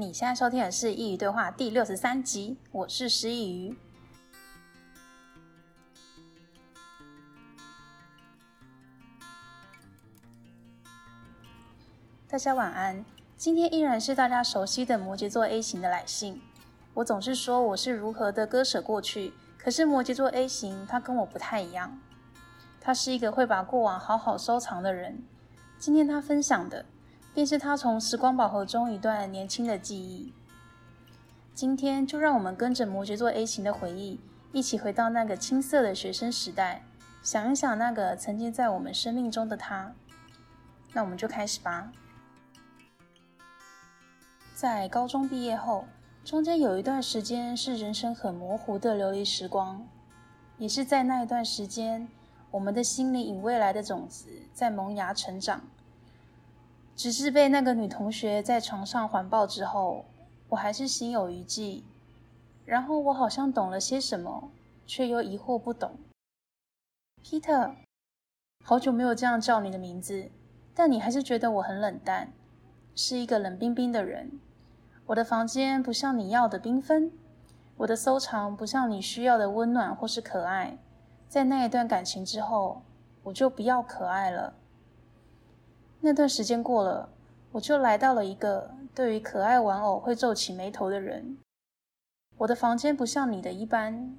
你現在收聽的是《佾萮對話》第六十三集，我是師佾萮。大家晚安。今天依然是大家熟悉的摩羯座 A 型的來信。我總是說我是如何的割捨過去，可是摩羯座 A 型他跟我不太一樣，他是一個會把過往好好收藏的人。今天他分享的，便是他從時光寶盒中一段年輕的記憶。今天就讓我們跟着摩羯座 A 型的回憶，一起回到那個青澀的學生時代，想一想那個曾經在我們生命中的他。那我們就開始吧。在高中畢業後，中間有一段時間是人生很模糊的流離時光，也是在那一段時間，我們的心裡以未來的種子在萌芽成長。只是被那個女同學在床上環抱之後，我還是心有餘悸。然後我好像懂了些什麼，卻又疑惑不懂。Peter，好久沒有這樣叫你的名字，但你還是覺得我很冷淡，是一個冷冰冰的人。我的房間不像你要的繽紛，我的收藏不像你需要的溫暖或是可愛。在那一段感情之後，我就不要可愛了。那段時間過了，我就來到了一個對於可愛玩偶會皺起眉頭的人。我的房間不像你的一般，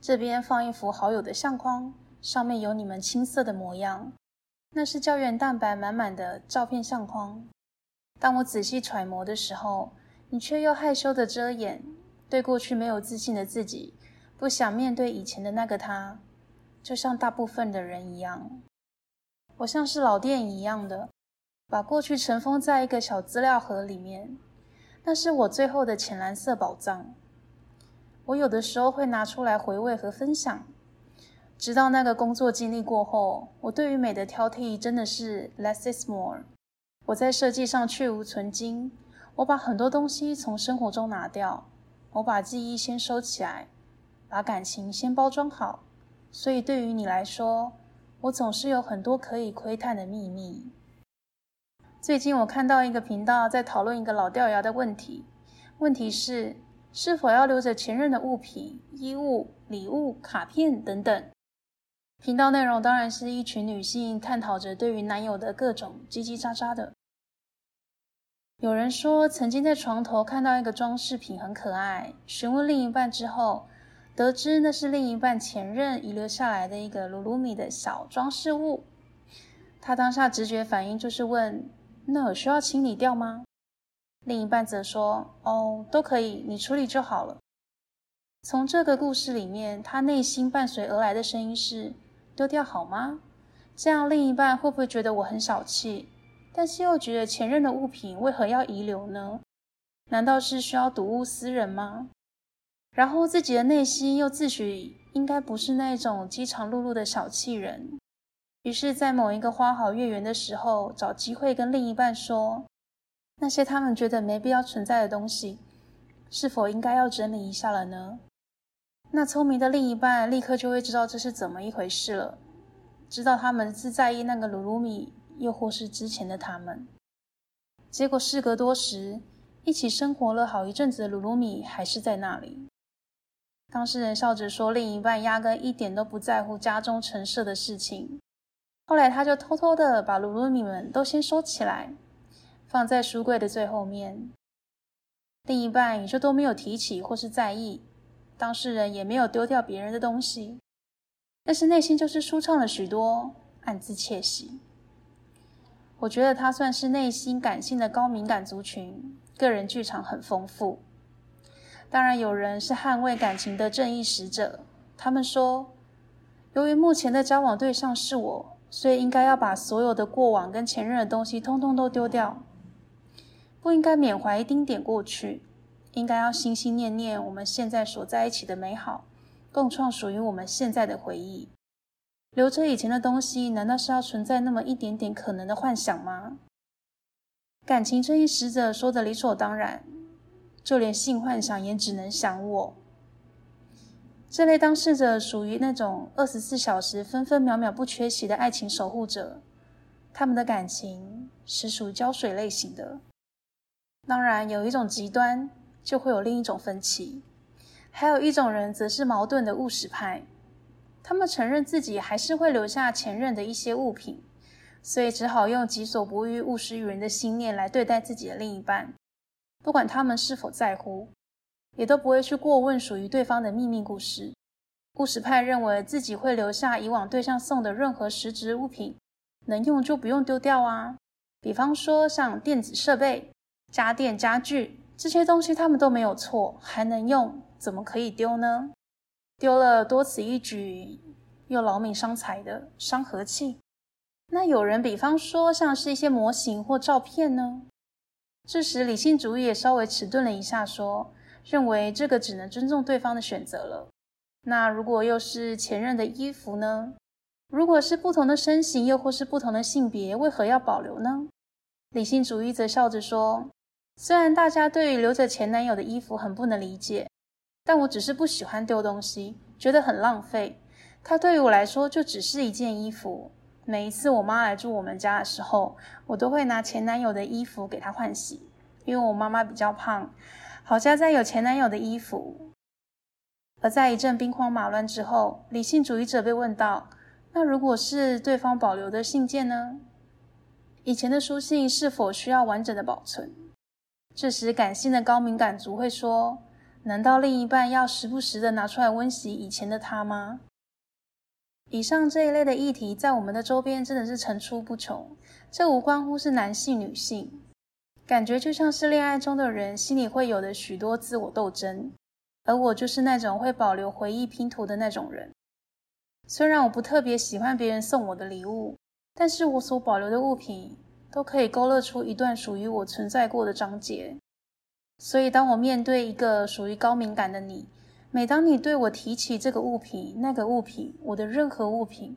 這邊放一幅好友的相框，上面有你們青澀的模樣，那是膠原蛋白滿滿的照片相框。當我仔細揣摩的時候，你卻又害羞地遮掩，對過去沒有自信的自己，不想面對以前的那個他，就像大部分的人一樣。我像是老電影一樣的，把過去塵封在一個小資料盒裡面。那是我最後的淺藍色寶藏。我有的時候會拿出來回味和分享。直到那個工作經歷過後，我對於美的挑剔真的是 less is more。我在設計上去蕪存菁，我把很多東西從生活中拿掉，我把記憶先收起來，把感情先包裝好。所以對於你來說，我總是有很多可以窺探的秘密。最近我看到一個頻道在討論一個老掉牙的問題，問題是是否要留着前任的物品、衣物、禮物、卡片等等。頻道內容當然是一群女性探討着對於男友的各種嘰嘰喳喳的。有人說曾經在床頭看到一個裝飾品很可愛，詢問另一半之後，得知那是另一半前任遺留下來的一個魯魯米的小裝飾物，他當下直覺反應就是問：“那有需要清理掉嗎？”另一半則說：“哦，都可以，你處理就好了。”從這個故事裡面，他內心伴隨而來的聲音是：“丟掉好嗎？這樣另一半會不會覺得我很小氣？但是又覺得前任的物品為何要遺留呢？難道是需要睹物思人嗎？”然後自己的內心又自詡應該不是那種雞腸轆轆的小氣人，於是，在某一個花好月圓的時候，找機會跟另一半說，那些他們覺得沒必要存在的東西，是否應該要整理一下了呢？那聰明的另一半立刻就會知道這是怎麼一回事了，知道他們是在意那個魯魯米，又或是之前的他們。結果事隔多時，一起生活了好一陣子的魯魯米還是在那裡。當事人笑着說：“另一半壓根一點都不在乎家中陳設的事情。”後來他就偷偷地把魯魯米們都先收起來，放在書櫃的最後面。另一半也就都沒有提起或是在意。當事人也沒有丟掉別人的東西，但是內心就是舒暢了許多，暗自竊喜。我覺得他算是內心感性的高敏感族群，個人劇場很豐富。當然，有人是捍衛感情的正義使者。他們說，由於目前的交往對象是我，所以應該要把所有的過往跟前任的東西通通都丟掉，不應該緬懷一丁點過去，應該要心心念念我們現在所在一起的美好，共創屬於我們現在的回憶。留着以前的東西，難道是要存在那麼一點點可能的幻想嗎？感情正義使者說的理所當然。就連性幻想也只能想我。這類當事者屬於那種二十四小時分分秒秒不缺席的愛情守護者，他們的感情實屬膠水類型的。當然，有一種極端，就會有另一種分歧。還有一種人則是矛盾的務實派，他們承認自己還是會留下前任的一些物品，所以只好用“己所不欲，勿施於人”的信念來對待自己的另一半。不管他們是否在乎，也都不會去過問屬於對方的秘密故事。故事派認為自己會留下以往對象送的任何實質物品，能用就不用丟掉啊。比方說像電子設備、家電、家具這些東西，他們都沒有錯，還能用，怎麼可以丟呢？丟了多此一舉，又勞民傷財的，傷和氣。那有人，比方說像是一些模型或照片呢？這時，理性主義也稍微遲鈍了一下，說：“認為這個只能尊重對方的選擇了。那如果又是前任的衣服呢？如果是不同的身形，又或是不同的性別，為何要保留呢？”理性主義則笑着說：“雖然大家對於留着前男友的衣服很不能理解，但我只是不喜歡丟東西，覺得很浪費。它對於我來說，就只是一件衣服。”每一次我媽來住我們家的時候，我都會拿前男友的衣服給她換洗，因為我媽媽比較胖，好佳在有前男友的衣服。而在一陣兵荒馬亂之後，理性主義者被問到：“那如果是對方保留的信件呢？以前的書信是否需要完整的保存？”這時，感性的高敏感族會說：“難道另一半要時不時的拿出來溫習以前的他嗎？”以上這一類的議題，在我們的周邊真的是層出不窮。這無關乎是男性、女性，感覺就像是戀愛中的人心裡會有的許多自我鬥爭。而我就是那種會保留回憶拼圖的那種人。雖然我不特別喜歡別人送我的禮物，但是我所保留的物品都可以勾勒出一段屬於我存在過的章節。所以，當我面對一個屬於高敏感的你，每當你對我提起這個物品、那個物品，我的任何物品，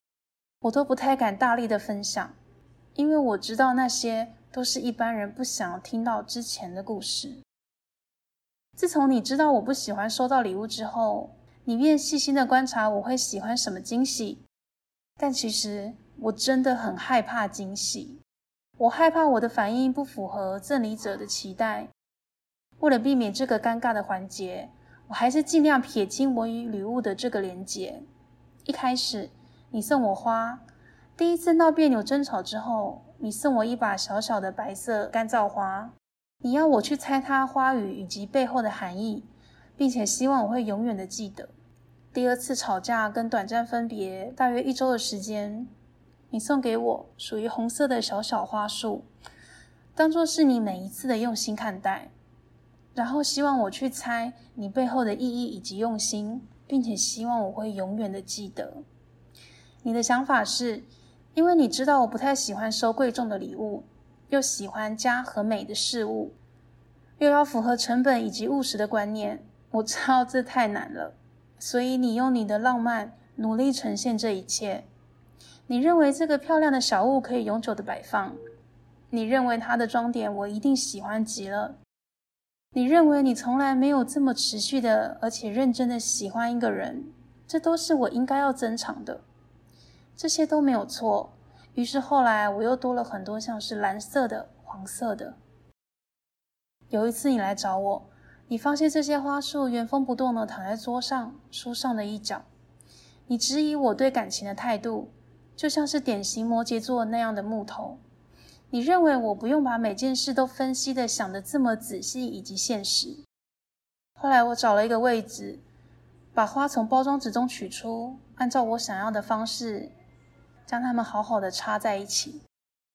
我都不太敢大力的分享，因為我知道那些都是一般人不想聽到之前的故事。自從你知道我不喜歡收到禮物之後，你便細心的觀察我會喜歡什麼驚喜，但其實我真的很害怕驚喜，我害怕我的反應不符合贈禮者的期待。為了避免這個尷尬的環節，我還是盡量撇清我與禮物的這個連接。一開始，你送我花；第一次鬧彆扭、爭吵之後，你送我一把小小的白色乾燥花，你要我去猜它花語以及背後的含義，並且希望我會永遠的記得。第二次吵架跟短暫分別，大約一周的時間，你送給我屬於紅色的小小花束，當做是你每一次的用心看待。然後希望我去猜你背後的意義以及用心，並且希望我會永遠的記得。你的想法是，因為你知道我不太喜歡收貴重的禮物，又喜歡家和美的事物，又要符合成本以及務實的觀念，我知道這太難了，所以你用你的浪漫努力呈現這一切。你認為這個漂亮的小物可以永久的擺放？你認為它的裝點我一定喜歡極了？你認為你從來沒有這麼持續的，而且認真的喜歡一個人，這都是我應該要珍藏的，這些都沒有錯。於是後來我又多了很多像是藍色的、黃色的。有一次你來找我，你發現這些花束原封不動的躺在桌上，書上的一角，你質疑我對感情的態度，就像是典型摩羯座那樣的木頭。你認為我不用把每件事都分析的想的這麼仔細以及現實。後來我找了一個位置，把花從包裝紙中取出，按照我想要的方式，將它們好好的插在一起。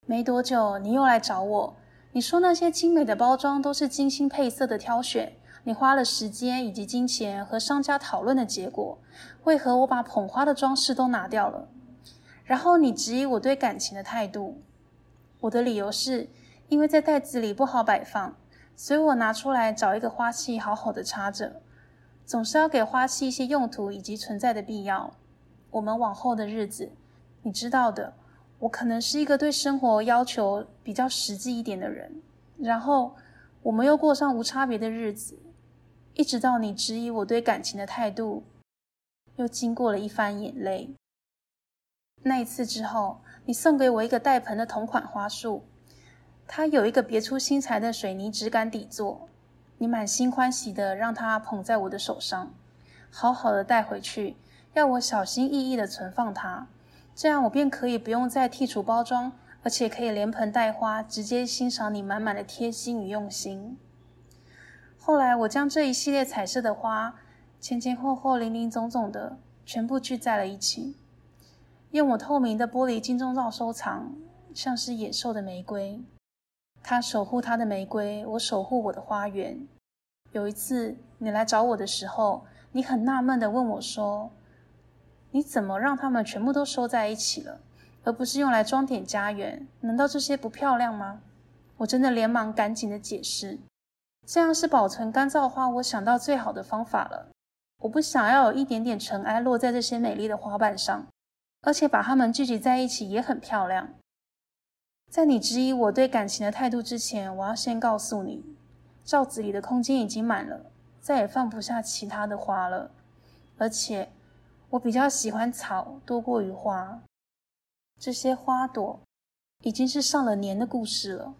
沒多久，你又來找我，你說那些精美的包裝都是精心配色的挑選，你花了時間以及金錢和商家討論的結果，為何我把捧花的裝飾都拿掉了？然後你質疑我對感情的態度。我的理由是，因為在袋子裡不好擺放，所以我拿出來找一個花器，好好的插着。總是要給花器一些用途以及存在的必要。我們往後的日子，你知道的，我可能是一個對生活要求比較實際一點的人。然後我們又過上無差別的日子，一直到你質疑我對感情的態度，又經過了一番眼淚。那一次之後。你送給我一個帶盆的同款花束，它有一個別出心裁的水泥質感底座。你滿心歡喜的讓它捧在我的手上，好好的帶回去，要我小心翼翼的存放它，這樣我便可以不用再剔除包裝，而且可以連盆帶花直接欣賞你滿滿的貼心與用心。後來，我將這一系列彩色的花前前後後、零零總總的全部聚在了一起。用我透明的玻璃金鐘罩收藏，像是野獸的玫瑰。他守護他的玫瑰，我守護我的花園。有一次你來找我的時候，你很納悶的問我說：說你怎麼讓他們全部都收在一起了，而不是用來裝點家園？難道這些不漂亮嗎？我真的連忙趕緊的解釋：這樣是保存乾燥花，我想到最好的方法了。我不想要有一點點塵埃落在這些美麗的花瓣上。而且把它們聚集在一起也很漂亮。在你質疑我對感情的態度之前，我要先告訴你，罩子裡的空間已經滿了，再也放不下其他的花了。而且我比較喜歡草多過於花。這些花朵已經是上了年的故事了，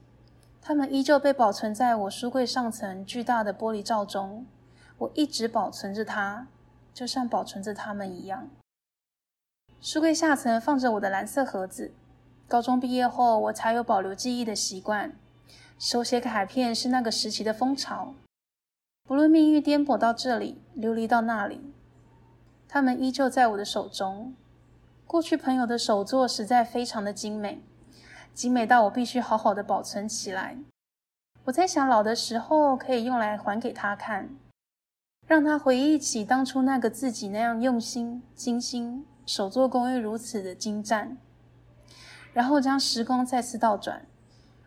它們依舊被保存在我書櫃上層巨大的玻璃罩中。我一直保存着它，就像保存着它們一樣。書櫃下層放着我的藍色盒子。高中畢業後，我才有保留記憶的習慣。手寫卡片是那個時期的風潮。不論命運顛簸到這裡，流離到那裡，它們依舊在我的手中。過去朋友的手作實在非常的精美，精美到我必須好好的保存起來。我在想，老的時候可以用來還給他看，讓他回憶起當初那個自己那樣用心、精心。手作工藝如此的精湛，然後將時光再次倒轉。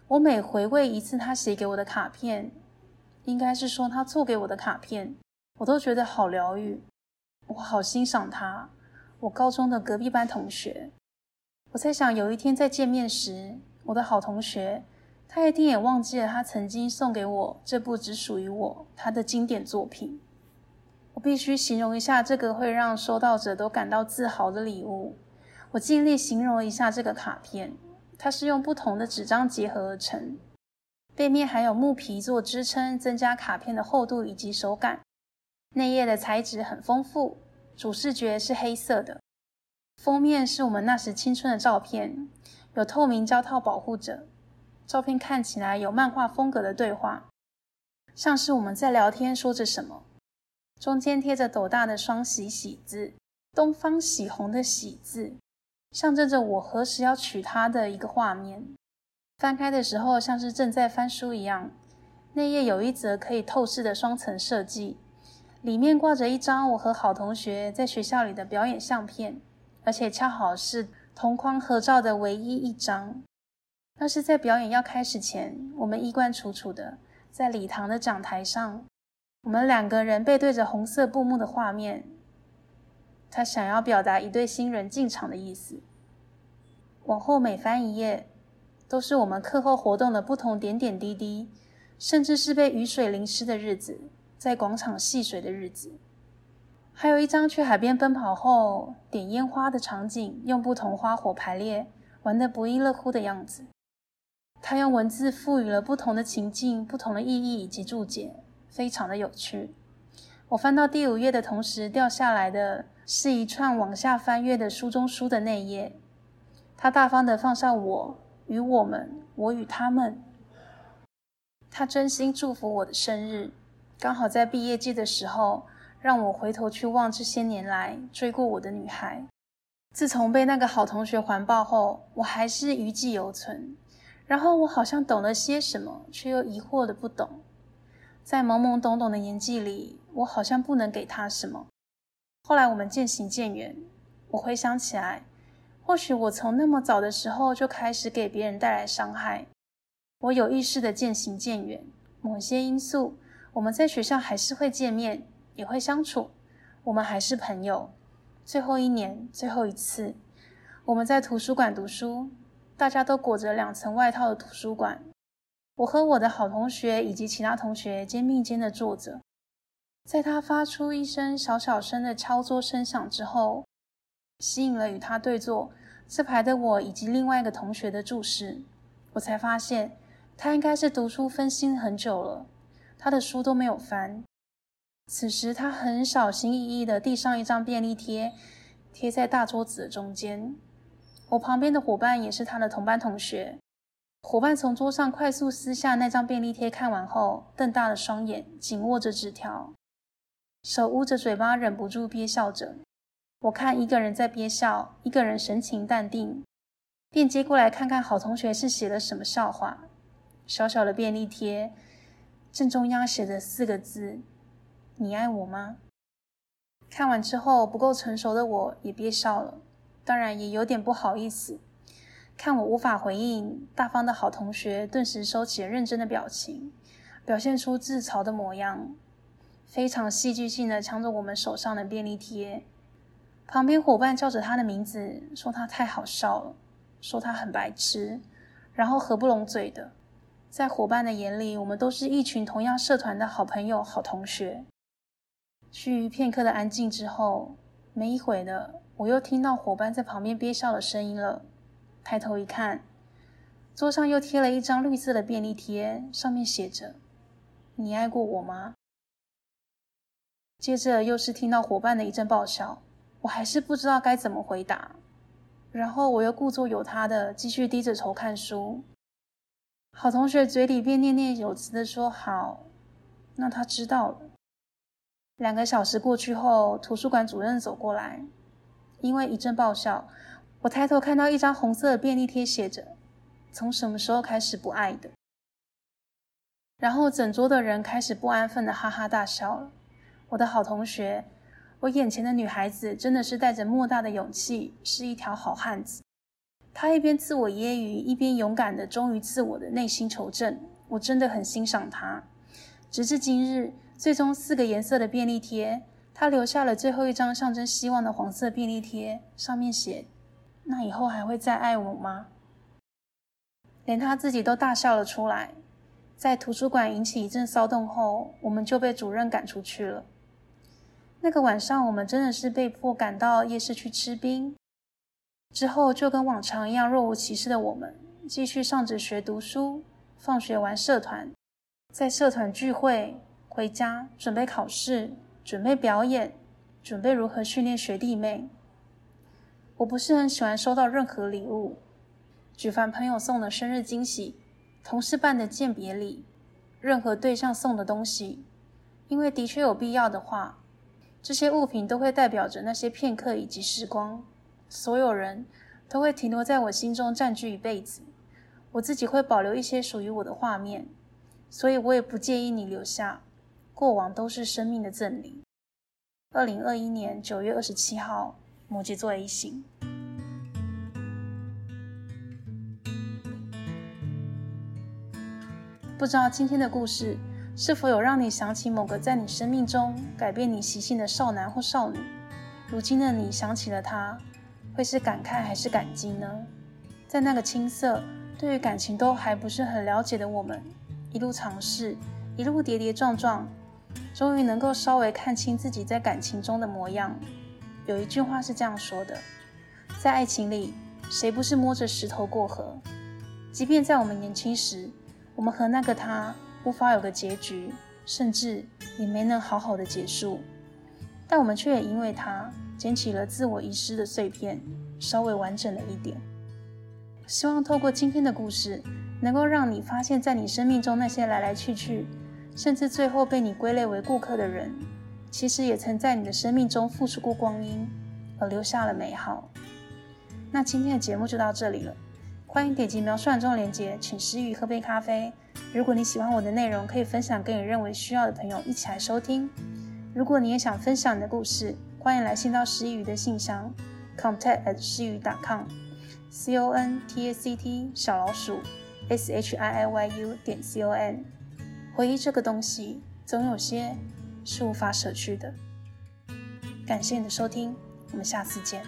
我每回味一次他寫給我的卡片，應該是說他做給我的卡片，我都覺得好療癒。我好欣賞他，我高中的隔壁班同學。我在想，有一天再見面時，我的好同學，他一定也忘記了他曾經送給我這部只屬於我他的經典作品。我必須形容一下這個會讓收到者都感到自豪的禮物。我盡力形容一下這個卡片，它是用不同的紙張結合而成，背面還有木皮做支撐，增加卡片的厚度以及手感。內頁的材質很豐富，主視覺是黑色的，封面是我們那時青春的照片，有透明膠套保護着，照片看起來有漫畫風格的對話，像是我們在聊天說着什麼。中間貼着斗大的雙喜喜字，東方喜紅的喜字，象徵着我何時要娶她的一個畫面。翻開的時候，像是正在翻書一樣。內頁有一則可以透視的雙層設計，裡面掛着一張我和好同學在學校裡的表演相片，而且恰好是同框合照的唯一一張。但是在表演要開始前，我們衣冠楚楚的在禮堂的講台上。我們兩個人背對着紅色布幕的畫面，他想要表達一對新人進場的意思。往後每翻一頁，都是我們課後活動的不同點點滴滴，甚至是被雨水淋濕的日子，在廣場戲水的日子，還有一張去海邊奔跑後點煙花的場景，用不同花火排列，玩得不亦樂乎的樣子。他用文字賦予了不同的情境、不同的意義以及注解。非常的有趣。我翻到第五頁的同時掉下來的是一串往下翻閱的書中書的內頁。他大方的放上我與我們，我與他們。他真心祝福我的生日，剛好在畢業季的時候，讓我回頭去望這些年來追過我的女孩。自從被那個好同學環抱後，我還是餘悸猶存。然後我好像懂了些什麼，卻又疑惑的不懂。在懵懵懂懂的年紀裡，我好像不能給他什麼。後來我們漸行漸遠，我回想起來，或許我從那麼早的時候就開始給別人帶來傷害。我有意識的漸行漸遠，某些因素，我們在學校還是會見面，也會相處，我們還是朋友。最後一年，最後一次，我們在圖書館讀書，大家都裹着兩層外套的圖書館。我和我的好同學以及其他同學肩並肩地坐着，在他發出一聲小小聲的敲桌聲響之後，吸引了與他對坐這排的我以及另外一個同學的注視。我才發現，他應該是讀書分心很久了，他的書都沒有翻。此時，他很小心翼翼地遞上一張便利貼，貼在大桌子的中間。我旁邊的夥伴也是他的同班同學。夥伴從桌上快速撕下那張便利貼，看完後瞪大了雙眼，緊握着紙條，手捂着嘴巴，忍不住憋笑着。我看一個人在憋笑，一個人神情淡定，便接過來看看好同學是寫了什麼笑話。小小的便利貼，正中央寫着四個字：“你愛我嗎？”看完之後，不夠成熟的我也憋笑了，當然也有點不好意思。看我無法回應，大方的好同學頓時收起了認真的表情，表現出自嘲的模樣，非常戲劇性的搶走我們手上的便利貼。旁邊伙伴叫着他的名字，說他太好笑了，說他很白痴，然後合不攏嘴的。在伙伴的眼裡，我們都是一群同樣社團的好朋友、好同學。須臾片刻的安靜之後，沒一會的，我又聽到夥伴在旁邊憋笑的聲音了。抬頭一看，桌上又貼了一張綠色的便利貼，上面寫着：“你愛過我嗎？”接着又是聽到夥伴的一陣爆笑，我還是不知道該怎麼回答。然後我又故作有他的，繼續低着頭看書。好同學嘴裡便念念有詞的說：“好，那他知道了。”兩個小時過去後，圖書館主任走過來，因為一陣爆笑。我抬頭看到一張紅色的便利貼，寫着“從什麼時候開始不愛的？”，然後整桌的人開始不安分的哈哈大笑了。我的好同學，我眼前的女孩子真的是帶着莫大的勇氣，是一條好漢子。她一邊自我揶揄，一邊勇敢的忠於自我的內心求證。我真的很欣賞她。直至今日，最終四個顏色的便利貼，她留下了最後一張象徵希望的黃色便利貼，上面寫。那以後還會再愛我嗎？連他自己都大笑了出來，在圖書館引起一陣騷動後，我們就被主任趕出去了。那個晚上，我們真的是被迫趕到夜市去吃冰。之後就跟往常一樣，若無其事的我們繼續上着學、讀書、放學玩社團，在社團聚會、回家、準備考試、準備表演、準備如何訓練學弟妹。我不是很喜歡收到任何禮物，舉凡朋友送的生日驚喜、同事辦的餞別禮、任何對象送的東西，因為的確有必要的話，這些物品都會代表着那些片刻以及時光，所有人都會停留在我心中，佔據一輩子。我自己會保留一些屬於我的畫面，所以我也不介意你留下。過往都是生命的贈禮。二零二一年九月二十七號。摩羯座 A 型。不知道今天的故事是否有讓你想起某個在你生命中改變你習性的少男或少女？如今的你想起了他，會是感慨還是感激呢？在那個青澀，對於感情都還不是很了解的我們，一路嘗試，一路跌跌撞撞，終於能夠稍微看清自己在感情中的模樣。有一句話是這樣說的，在愛情裡，誰不是摸着石頭過河？即便在我們年輕時，我們和那個他無法有個結局，甚至也沒能好好的結束，但我們卻也因為他撿起了自我遺失的碎片，稍微完整了一點。希望透過今天的故事，能夠讓你發現，在你生命中那些來來去去，甚至最後被你歸類為過客的人。其實也曾在你的生命中付出過光陰，而留下了美好。那今天的節目就到這裡了，歡迎點擊描述欄中的鏈接，請師佾萮喝杯咖啡。如果你喜歡我的內容，可以分享給你認為需要的朋友一起來收聽。如果你也想分享你的故事，歡迎來信到師佾萮的信箱，contact@ 師佾萮點 com，c o n t a c t 小老鼠 s h i i y u 點 c o n。回憶這個東西，總有些。是無法捨去的。感謝你的收聽，我們下次見。